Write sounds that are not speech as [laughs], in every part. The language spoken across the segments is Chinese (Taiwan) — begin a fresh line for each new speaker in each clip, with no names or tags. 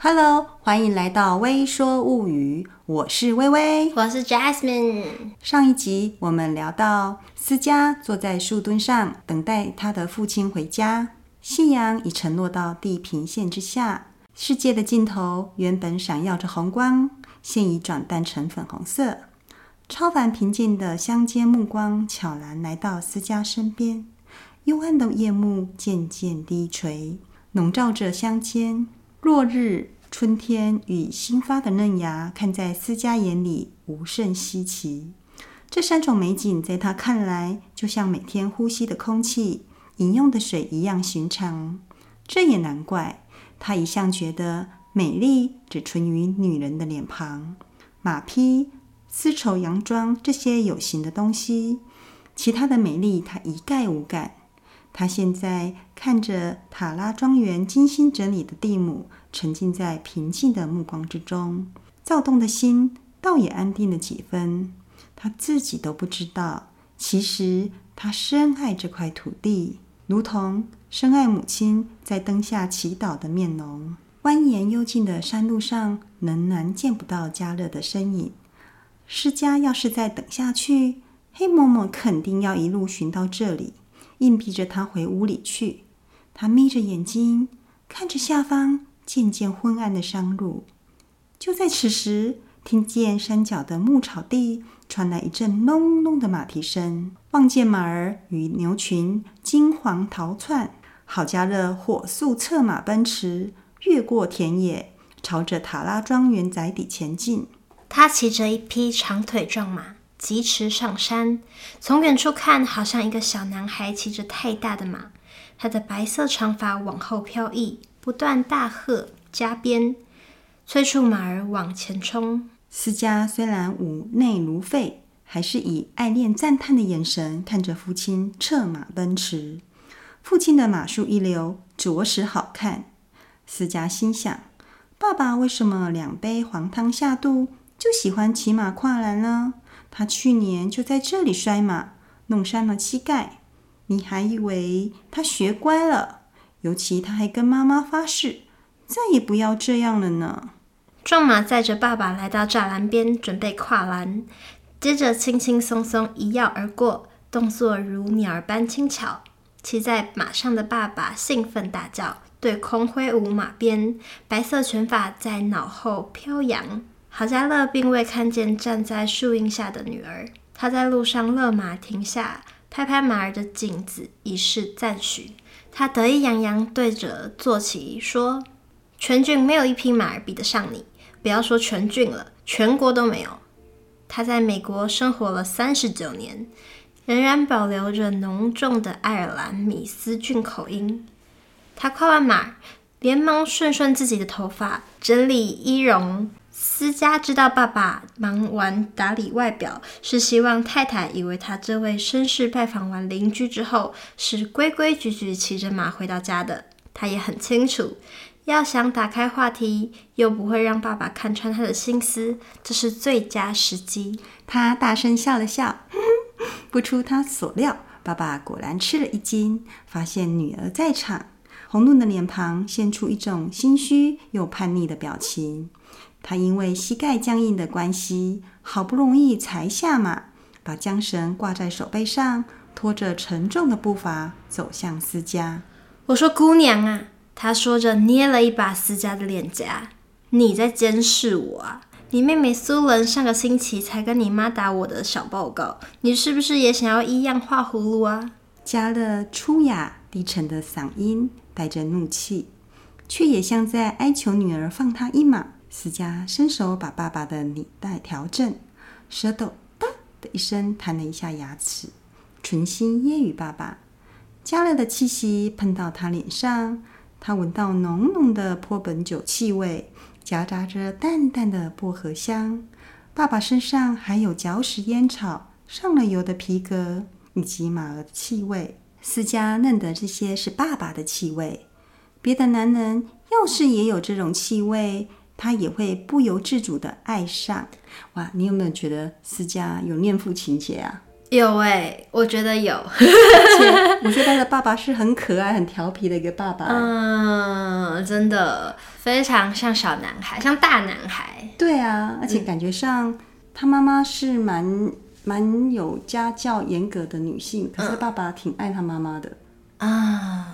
Hello，歡迎來到《微說物語》，我是微微，我是 Jasmine。上一集我們聊到，思嘉坐在樹墩上等待他的父親回家，夕陽已沉落到地平線之下，世界的盡頭原本閃耀着紅光，現已轉淡成粉紅色。超凡平靜的鄉間目光悄然來到思嘉身邊，幽暗的夜幕漸漸低垂，籠罩着鄉間。落日、春天與新發的嫩芽，看在思嘉眼裡無甚稀奇。這三種美景，在他看來，就像每天呼吸的空氣、飲用的水一樣尋常。這也難怪，他一向覺得美麗只存於女人的臉龐、馬匹、絲綢、洋裝這些有形的東西，其他的美麗他一概無感。他現在看着塔拉莊園精心整理的地畝沉浸在平靜的目光之中，躁動的心倒也安定了幾分。他自己都不知道，其實他深愛這塊土地，如同深愛母親在燈下祈禱的面容。蜿蜒幽靜的山路上，仍然見不到嘉樂的身影。思嘉要是再等下去，黑嬤嬤肯定要一路尋到這裡。硬逼着他回屋裡去。他眯着眼睛看着下方漸漸昏暗的山路。就在此時，聽見山腳的牧草地傳來一陣隆隆的馬蹄聲，望見馬兒與牛群驚慌逃竄。郝嘉樂火速策馬奔馳，越過田野，朝着塔拉莊園宅邸前進。他騎着一匹長腿壯馬。
疾馳上山，從遠處看，好像一個小男孩騎着太大的馬。他的白色長髮往後飄逸，不斷大喝加鞭，催促馬兒往
前衝。思嘉雖然五內如沸，還是以愛戀讚嘆的眼神看着父親策馬奔馳。父親的馬術一流，着實好看。思嘉心想：爸爸為什麼兩杯黃湯下肚就喜歡騎馬跨欄呢？他去年就在這裡摔馬，弄傷了膝蓋。你還以為他學乖了？尤其他還跟媽媽發誓，再也不要這樣了呢。壯馬載着爸爸來到柵欄邊，準備跨欄，
接着輕輕松鬆一躍而過，動作如鳥兒般輕巧。騎在馬上的爸爸興奮大叫，對空揮舞馬鞭，白色捲髮在腦後飄揚。陶家樂並未看見站在樹蔭下的女兒，他在路上勒馬停下，拍拍馬兒的頸子，以示讚許。他得意洋洋對着坐騎說：“全郡沒有一匹馬兒比得上你，不要說全郡了，全國都沒有。”他在美國生活了三十九年，仍然保留着濃重的愛爾蘭米斯郡口音。他誇完馬，連忙順順自己的頭髮，整理儀容。思嘉知道，爸爸忙完打理外表，是希望太太以為他這位紳士拜訪完鄰居之後，是規規矩矩騎着馬回到家的。他也很清楚，要想打開話題，
又不會讓爸爸看穿他的心思，這是最佳時機。他大聲笑了笑， [laughs] 不出他所料，爸爸果然吃了一驚，發現女兒在場，紅潤的臉龐現出一種心虛又叛逆的表情。他因為膝蓋僵硬的關係，好不容易才下馬，把韁繩掛在手背上，拖着沉重的步伐走向思嘉。我說：“姑娘啊！”他說着，捏了一把思嘉的臉頰。
“你在監視我啊？你妹妹蘇倫上個星期才跟你媽打我
的小報告，你是不是也想要一樣畫葫蘆啊？”佳樂粗啞低沉的嗓音帶着怒氣，卻也像在哀求女兒放他一馬。思嘉伸手把爸爸的領帶調正，舌頭“嗒”的一聲彈了一下牙齒，純心揶揄爸爸，加勒的氣息噴到他臉上，他聞到濃濃的波本酒氣味，夾雜着淡淡的薄荷香。爸爸身上還有嚼食菸草、上了油的皮革以及馬兒的氣味。思嘉認得這些是爸爸的氣味，別的男人要是也有這種氣味，他也會不由自主地愛上。哇！你有沒有覺得思嘉有戀父情結啊？
有哎、欸，我覺得有。 [laughs]
而且我覺得他的爸爸是很可愛、很調皮的一個爸爸。嗯，真的非常像
小男孩，像大男孩。
對啊，而且感覺上他媽媽是蠻、嗯、蠻有家教、嚴格的女性，可是爸爸挺愛他媽媽的啊，嗯、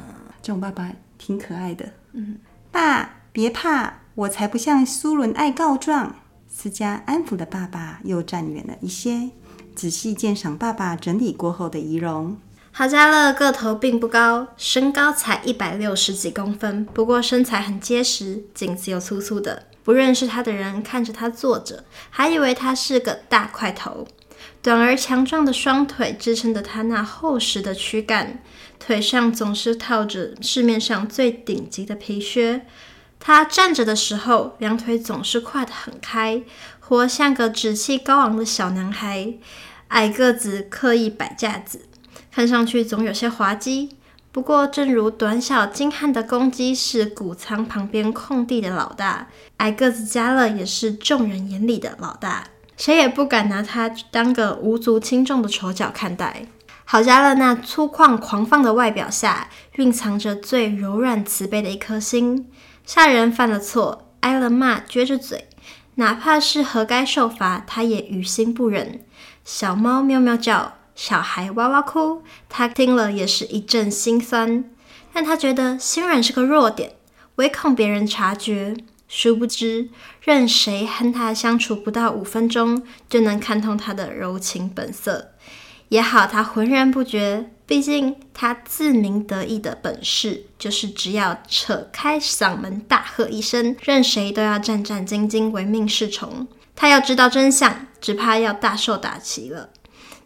這種爸爸挺可愛的。嗯，爸別怕。我才不像蘇倫愛告狀。思嘉安撫的爸爸又站遠了一些，仔細鑒賞爸爸整理過後的儀容。
郝嘉樂個
頭並不高，
身高才一百六十幾公分，不過身材很結實，頸子又粗粗的，不認識他的人看着他坐着，還以為他是個大塊頭。短而強壯的雙腿支撐着他那厚實的軀幹，腿上總是套着市面上最頂級的皮靴。他站着的時候，兩腿總是跨得很開，活像個志氣高昂的小男孩。矮個子刻意擺架子，看上去總有些滑稽。不過，正如短小精悍的公雞是谷倉旁邊空地的老大，矮個子嘉樂也是眾人眼裡的老大，誰也不敢拿他當個無足輕重的丑角看待。郝嘉樂那粗獷狂放的外表下，蘊藏着最柔軟慈悲的一顆心。下人犯了錯，挨了罵，撅着嘴；哪怕是合該受罰，他也於心不忍。小貓喵喵叫，小孩哇哇哭，他聽了也是一陣心酸。但他覺得心軟是個弱點，唯恐別人察覺。殊不知，任誰和他相處不到五分鐘，就能看通他的柔情本色。也好，他渾然不覺。畢竟，他自鳴得意的本事就是只要扯開嗓門大喝一聲，任誰都要戰戰兢兢、唯命是從。他要知道真相，只怕要大受打擊了。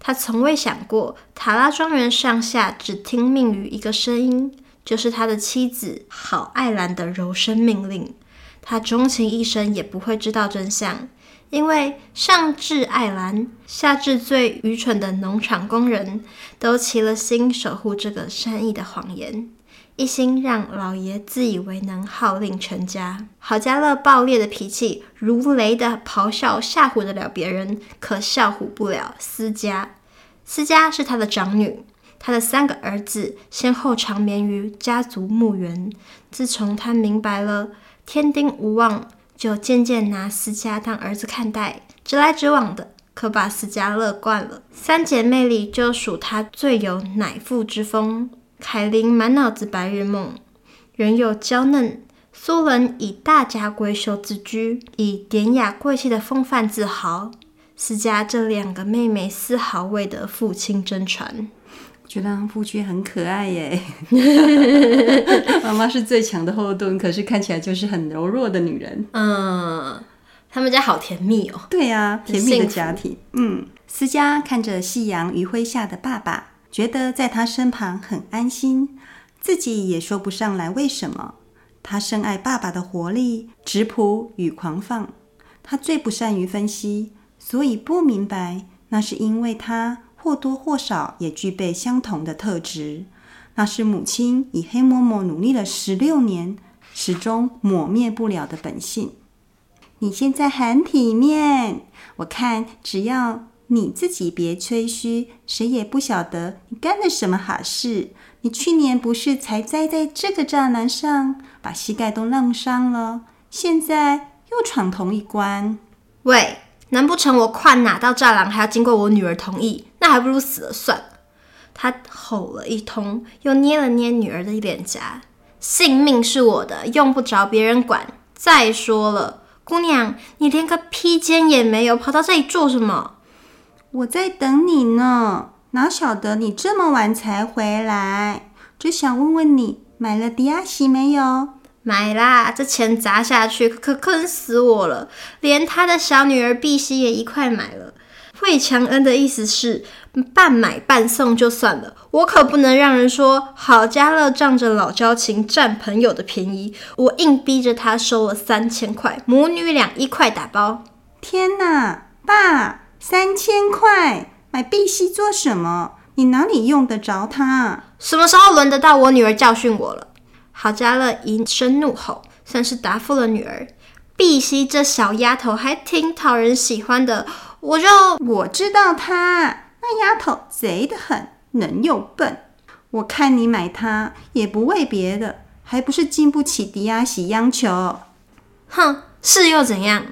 他從未想過，塔拉莊園上下只聽命於一個聲音，就是他的妻子郝愛蘭的柔聲命令。他終其一生，也不會知道真相。因為上至愛蘭，下至最愚蠢的農場工人都齊了心守護這個善意的謊言，一心讓老爺自以為能號令全家。郝家樂暴烈的脾氣，如雷的咆哮嚇，嚇唬得了別人，可嚇唬不了思嘉。思嘉是他的長女，他的三個兒子先後長眠於家族墓園。自從他明白了添丁無望，就漸漸拿思嘉當兒子看待，直來直往的，可把思嘉樂慣了。三姐妹裡就屬她最有乃父之風。凱琳滿腦子白日夢，人又嬌嫩；蘇倫以大家閨秀自居，以典雅貴氣的風範自豪。思嘉這兩個妹妹絲毫未得父親真傳。覺得夫君很可愛耶
[laughs] 媽媽是最強的後盾，可是看起來就是很柔弱的女人。嗯，他們家好甜蜜哦。對啊，甜蜜的家庭。嗯，思嘉看着夕陽餘暉下的爸爸，覺得在他身旁很安心，自己也說不上來為什麼。她深愛爸爸的活力、質樸與狂放。她最不善於分析，所以不明白那是因為她……或多或少也具備相同的特質，那是母親以黑嬤嬤努力了十六年，始終抹滅不了的本性。你現在很體面，我看只要你自己別吹噓，誰也不曉得你幹了什麼好事。你去年不是才栽在這個柵欄上，把膝蓋都弄傷了，現在又闖同一關。喂，難不成我跨哪道柵欄還要經過我
女兒同意？還不如死了算了。他吼了一通，又捏了捏女兒的臉頰。性命是我的，用不着別人管。再說了，姑娘，你連個披肩也沒有，跑到這裡做什麼？
我在等你呢，哪曉得你這麼晚才回來？就想問問你，買了迪亞西沒有？買啦，這錢砸下去，可
坑死我了，連他的小女兒碧西也一塊買了。惠強恩的意思是半買半送，就算了，我可不能讓人說郝嘉樂仗着老交情占朋友的便宜。我硬逼着他收了三千塊，
母女倆一塊打包。天哪，爸，三千塊買碧溪做什麼？你哪裡用得着她？什麼時候輪得到我
女兒教訓我了？郝嘉樂一聲怒吼，算是答復了女兒。碧溪這小丫頭還挺討人喜歡的。我就我知道她
那丫頭賊得很，人又笨。我看你買她也不為別的，還不是經不起狄阿喜央求。哼，
是又怎樣？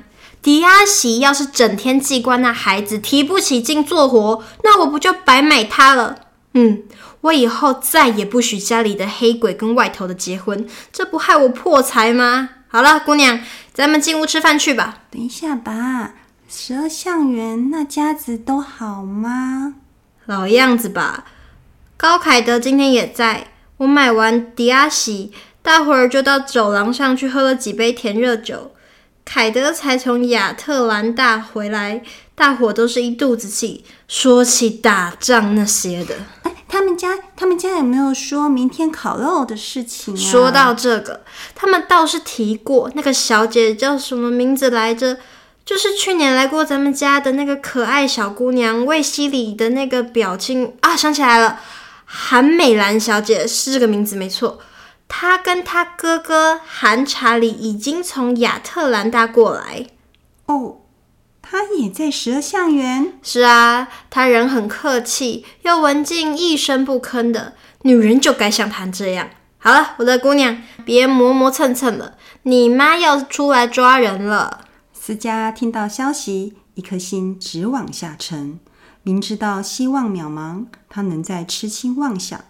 狄阿喜要是整天記掛那孩子，提不起勁做活，那我不就白買她了？嗯，我以後再也不許家裡的黑鬼跟外頭的結婚，這不害我破財嗎？好了，姑娘，咱們進屋吃飯去吧。等一下吧。十二橡園那家子都好嗎？老樣子吧。高凱德今天也在，我買完迪阿西，大夥兒就到走廊上去喝了幾杯甜熱酒。凱德才從亞特蘭大回來，大夥都是一肚子氣，說起打仗那些的。哎、欸，他們家他們家有沒有說明天烤肉的事情啊？說到這個，他們倒是提過，那個小姐叫什麼名字來着？就是去年來過咱們家的那個可愛小姑娘，衛希禮，的那個表情啊，想起來了，韓美蘭小姐是這個名字沒錯。她跟她哥哥韓查理已經從亞特蘭大過來。哦，她也在十二橡園。是啊，她人很客氣，又文靜，一聲不吭的。女人就該像她這樣。好了，我的姑娘，別磨磨蹭蹭了，你媽要出來抓
人了。思嘉聽到消息，一顆心直往下沉。明知道希望渺茫，他仍在痴心妄想，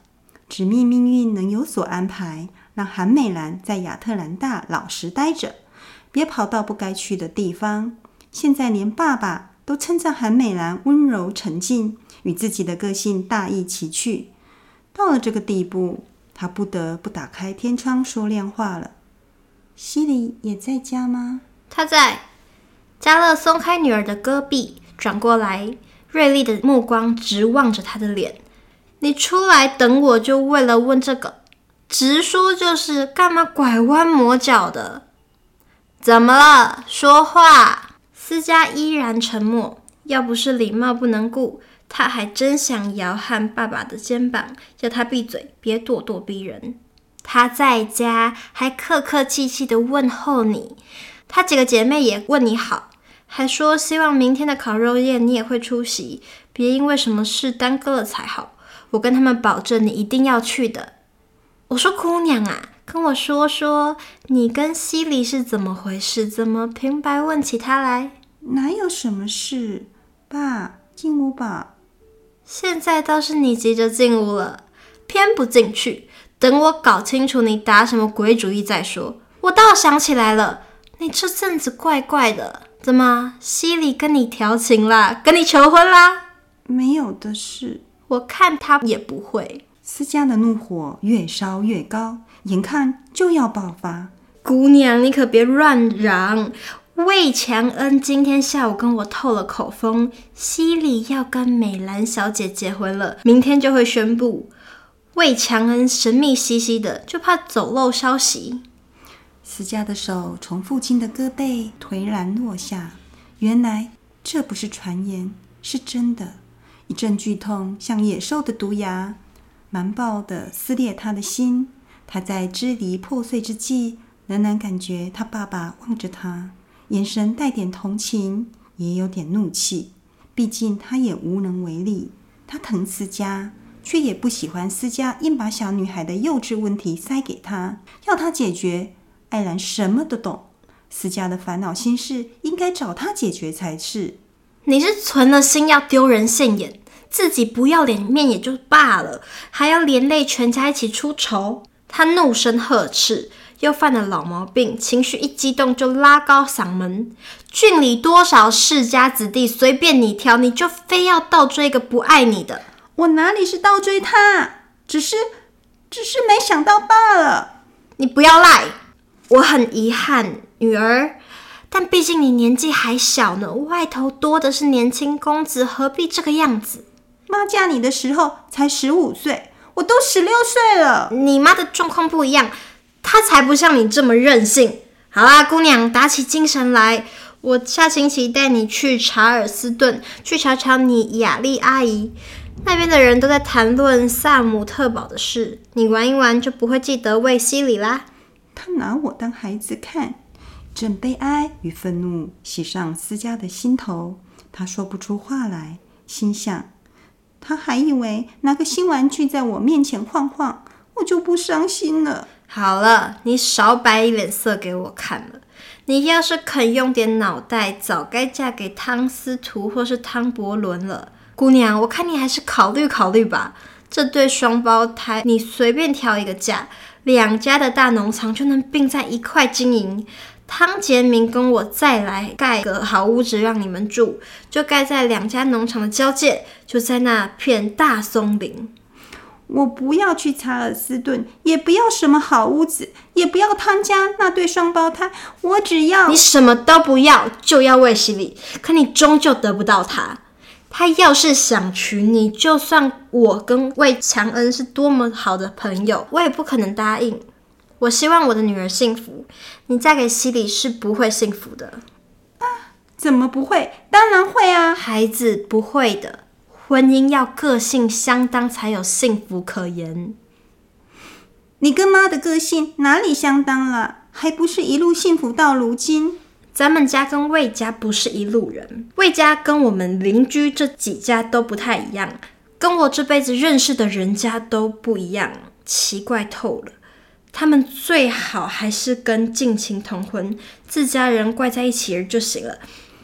指命命運能有所安排，讓韓美蘭在亞特蘭大老實待着，別跑到不該去的地方。現在連爸爸都稱讚韓美蘭溫柔沉靜，與自己的個性大異其趣。到了這個地步，他不得不打開天窗說亮話了。希禮也在家嗎？他在。加樂鬆開女兒的胳臂，轉過來，銳利
的目光直望着她的臉：“你出來等我，就為了問這個？直說就是，幹嘛拐彎抹角的？怎麼了？說話。”思嘉依然沉默。要不是禮貌不能顧，她還真想搖撼爸爸的肩膀，叫他閉嘴，別咄咄逼人。他在家還客客氣氣的問候你。她幾個姐妹也問你好，還說希望明天的烤肉宴你也會出席，別因為什麼事耽擱了才好。我跟她們保證，你一定要去的。我說：“姑娘啊，跟我說說，你跟希禮是怎麼回事？怎麼平白問起他來？哪有什麼事？爸，進屋吧。現在倒是你急着進屋了，偏不進去。等我搞清楚你打什麼鬼主意再說。我倒想起來了。”你這陣子怪怪的，怎麼希禮跟你調情啦，跟你求婚啦？
沒有的事，我看他也不會。思嘉的怒火越燒越高，眼看就要爆發。
姑娘，你可別亂嚷。魏強恩今天下午跟我透了口風，希禮要跟美蘭小姐結婚了，明天就會宣布。魏強恩神秘兮
兮的，就怕走漏消息。思嘉的手從父親的胳膊，頹然落下，原來這不是傳言，是真的。一陣劇痛像野獸的毒牙，蠻暴地撕裂他的心。他在支離破碎之際，喃喃感覺他爸爸望着他，眼神帶點同情，也有點怒氣。畢竟他也無能為力。他疼思嘉，卻也不喜歡思嘉硬把小女孩的幼稚問題塞給他，要他解決。愛然，什麼都懂，思嘉的煩惱心事應該找他解決才是。
你是存了心要丟人現眼，自己不要臉面也就罷了，還要連累全家一起出醜。他怒聲呵斥，又犯了老毛病，情緒一激動就拉高嗓門。郡裡多少世家子弟，隨便你挑，你就非要倒追一個不愛你的？我哪裡是倒追他，只是，只是沒想到罷了。你不要賴。我很遺憾，女兒，但畢竟你年紀還小呢，外頭多的是年輕公子，何必這個樣子？媽嫁你的時候才十五歲，我都十六歲了。你媽的狀況不一樣，她才不像你這麼任性。好啦，姑娘，打起精神來，我下星期帶你去查爾斯頓，去瞧瞧你雅麗阿姨。那邊的人都在談論薩姆特堡的事，你玩一玩就
不會記得衛希禮啦。他拿我當孩子看，正悲哀與憤怒襲上思嘉的心頭，他說不出話來，心想：他還以為拿個新玩具在我面前晃晃,我就不傷心了。好了，你少擺一臉色給我看了。你要是
肯用點腦袋，早該嫁給湯斯圖或是湯伯倫了。姑娘，我看你還是考慮考慮吧。這對雙胞胎，你隨便挑一個嫁，兩家的大農場就能併在一塊經營。湯杰明跟我再來蓋個好屋子讓你們住，就蓋在兩家農場的交界，就在那片大松林。我不要去查爾斯頓，也不要什麼好屋子，也不要湯家那對雙胞胎，我只要……你什麼都不要，就要衛希禮，可你終究得不到它。他要是想娶你，就算我跟魏強恩是多麼好的朋友，我也不可能答應。我希望我的女兒幸福，你嫁給希禮是不會幸福的。啊？怎麼不會？當然會啊！孩子不會的，婚姻要個性相當才有幸福可言。你跟媽的個性哪裡相當了啊？還不是一路幸福到如今？咱們家跟衛家不是一路人，衛家跟我們鄰居這幾家都不太一樣，跟我這輩子認識的人家都不一樣，奇怪透了。他們最好還是跟近親通婚，自家人怪在一起就行了，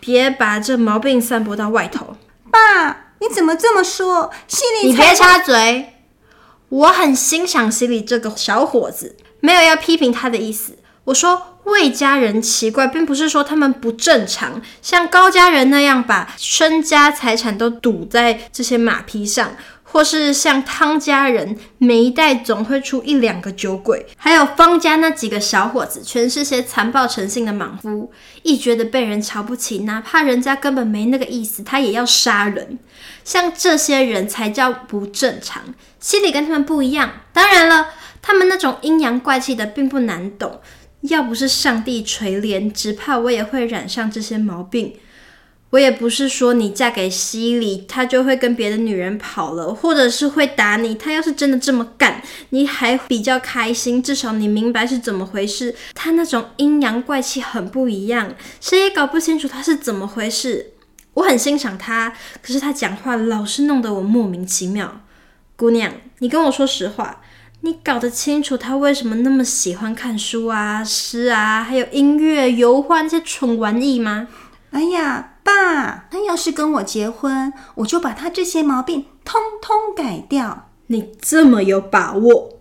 別把這毛病散播到外頭。爸，你怎麼這麼說？
希禮，你別插
嘴。我很欣賞希禮這個小伙子，沒有要批評他的意思。我說衛家人奇怪，並不是說他們不正常。像高家人那樣把身家財產都賭在這些馬匹上，或是像湯家人每一代總會出一兩個酒鬼，還有方家那幾個小伙子，全是些殘暴成性的莽夫。一覺得被人瞧不起，哪怕人家根本沒那個意思，他也要殺人。像這些人才叫不正常，心裡跟他們不一樣。當然了，他們那種陰陽怪氣的並不難懂。要不是上帝垂憐，只怕我也會染上這些毛病。我也不是說你嫁給希禮，他就會跟別的女人跑了，或者是會打你。他要是真的這麼幹，你還比較開心，至少你明白是怎麼回事。他那種陰陽怪氣很不一樣，誰也搞不清楚他是怎麼回事。我很欣賞他，可是他講話老是弄得我莫名其妙。姑娘，你跟我說實話。你搞得清楚他為什麼那麼喜歡看書啊、詩啊，還有音樂、油畫這些蠢玩意嗎？哎呀，爸，他要是跟我結婚，我就把他這些毛病通通改掉。你這麼有把握？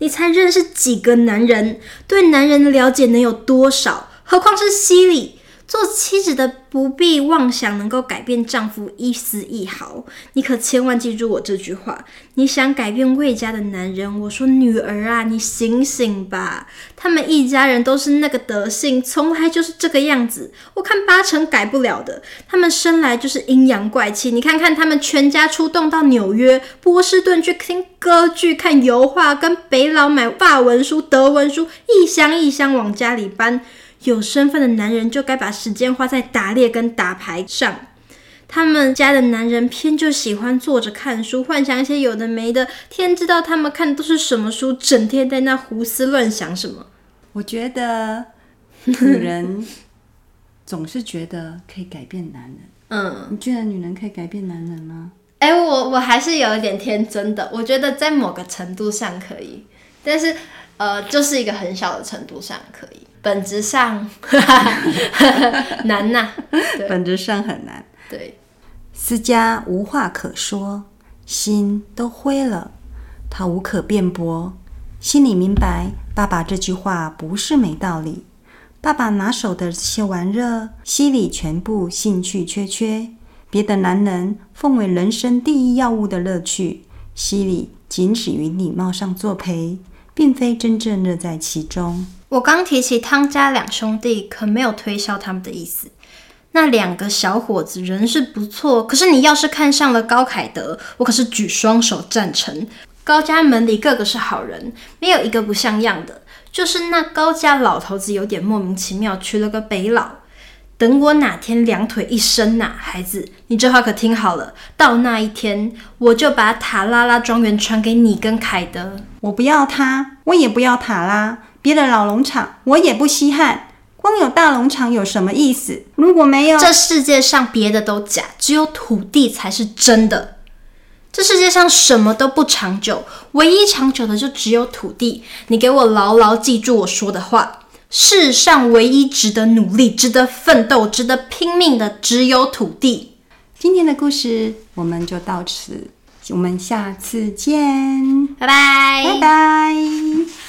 你才認識幾個男人，對男人的了解能有多少？何況是希禮。做妻子的不必妄想能夠改變丈夫一絲一毫，你可千萬記住我這句話。你想改變衛家的男人？我說女兒啊，你醒醒吧，他們一家人都是那個德性，從來就是這個樣子，我看八成改不了的。他們生來就是陰陽怪氣，你看看他們全家出動到紐約、波士頓去聽歌劇、看油畫，跟北佬買法文書、德文書，一箱一箱往家裡搬。有身份的男人就該把時間花在打獵跟打牌上，他們家的男人偏就喜歡坐着看書，幻想一些有的沒的。天，天知道他們看的都是什麼書，整天
在那胡思亂想什麼。我覺得女人總是覺得可以改變男人。 [laughs] 嗯，你覺得女人可以改變男人嗎？
哎、欸，我我還是有一點天真的。我覺得在某個程度上可以，但是呃，就是一個很小的程度上可以。本質上哈哈，
[laughs] 難吶、啊，本質上很難。對，思嘉無話可說，心都灰了。他無可辯駁，心裡明白，爸爸這句話不是沒道理。爸爸拿手的這些玩樂，希禮全部興趣缺缺。別的男人奉為人生第一要務的樂趣，希禮僅止於禮貌上作陪，并非真正樂在其中。
我剛提起湯家兩兄弟，可沒有推銷他們的意思。那兩個小伙子人是不錯，可是你要是看上了高凱德，我可是舉雙手贊成。高家門裡個個是好人，沒有一個不像樣的。就是那高家老頭子有點莫名其妙，娶了個北佬。等我哪天兩腿一伸吶、啊，孩子，你這話可聽好了，到那一天我就把塔拉拉莊園傳給你跟凱德。我不要他，
我也不要塔拉。別的老農場我也不稀罕，光有大農場有什麼意思？如果沒有，這世界上別的都假，只有土地才是真
的。這世界上什麼都不長久，唯一長久的就只有土地。你給我牢牢記住我說的話：世上唯一值得努力、值得奮鬥、值得拼命的，只有土地。今天的故事我們就
到此，我們下次見，拜拜 bye，拜拜。